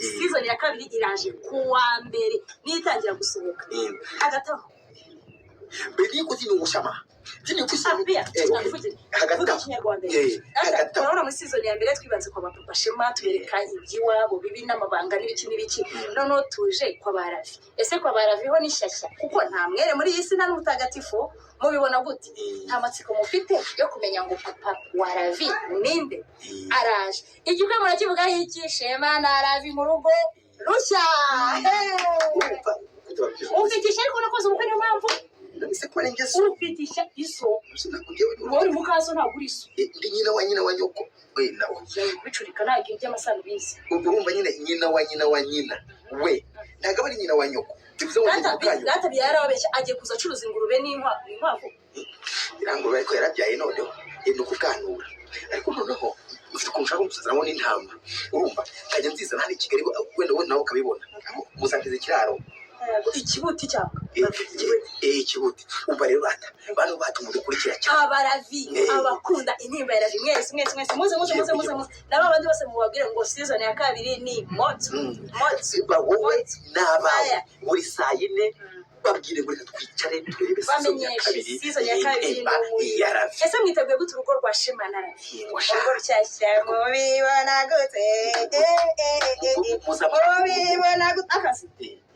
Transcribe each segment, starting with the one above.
season ya kabiri iraje ku wa mbere niyo itangira gusohoka agataha bedi kuzina ubushama hagati urabona muri sizoni ya mbere twibanze kwa bapapa shema tubereka iby'iwabo bibi n'amabanga n'ibiki n'ibiki mm. noneho tuje kwa baravi ese kwa baravi ho ni kuko nta mwere muri iyi si nta n'ubutagatifu mubibona gute mm. nta matsiko mufite yo kumenya ngo papa wa ravi ninde mm. araje igihe murakivugaho iki shema na ravi mu rugo rushya ufikisha ariko unakoze ubukwe niyo mpamvu nabise ko ari ingeso ufite iso wari mukaso ntabwo uri iso eh, ndi nyina wa nyina wa nyoko we nawe bicurika ntabwo ibyo amasano bizi ubwo urumva nyine nyina wa nyina wa nyina we ntabwo ari nyina wa nyoko byatabye yarababeshya agiye kuza acuruza ingurube n'inkwavu eh, inkwavu ariko yarabyaye eh, noneho yenda kuganura ariko noneho ufite ukuntu ushaka gusuzanamo n'intama urumva nkajya nzizana hano i kigali wenda wowe nawe ukabibona muzangiza ikiraro ikibuti cyaka ikihuta eh, eh, eh, umva rero bata bano bata umudukurikira cyane abaravi abakunda intimba ya ravi mwese mwese mwese muze muze muze muze muze nabo abandi bose mubabwire ngo season ya kabiri ni moto mm. moto wowe n'abawe buri saa yine babwire ngo reka twicare turebe season ya kabiri season ya kabiri ya ravi ese mwiteguye gute urugo rwa shema na ravi urugo rushyashya mubibona gute mubibona gute akazi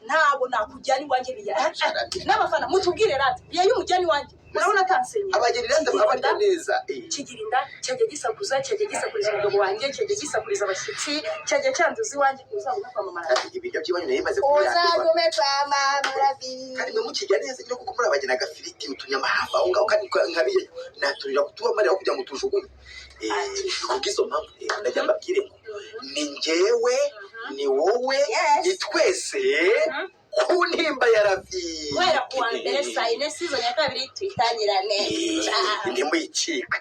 ntabwo nakujyana iwanjye biyaje n'abafana mutubwire radi biyaye umujyana iwanjye urabona atansenye abageni radi abarya neza eh. kigira inda cyajya gisakuza cyajya gisakuriza umugabo wanjye cyajya gisakuriza abashyitsi cyajya cyanduza iwanjye uzabona kwamamara ibiryo by'iwanyu nayo imaze kuba uzagume kwamamara kandi mwe mukijya neza nyine kuko muri abageni agafiriti utunyama aho ngaho kandi nkabiye naturira kutubamarira kugira ngo tujugunye eh, kubw'izo mpamvu ndajya mbabwire ubuziranenge indimu icika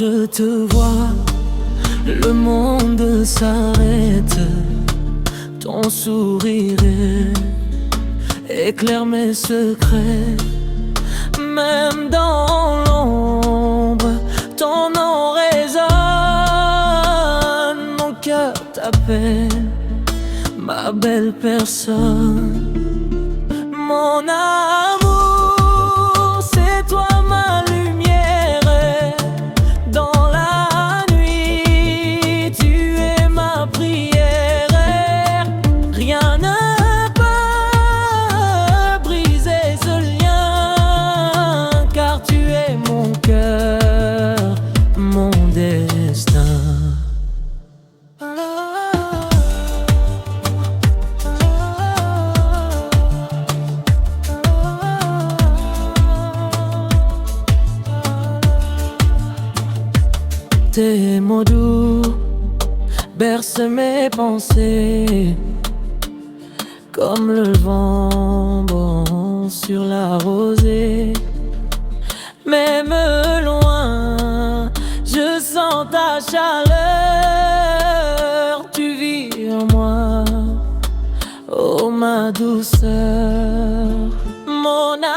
je te vois, le monde s'arrête. Ton sourire éclaire mes secrets, même dans l'ombre, ton nom résonne, mon cœur t'appelle, ma belle personne, mon âme. doux berce mes pensées comme le vent bon sur la rosée. Même loin, je sens ta chaleur. Tu vis en moi, oh ma douceur, mon âme.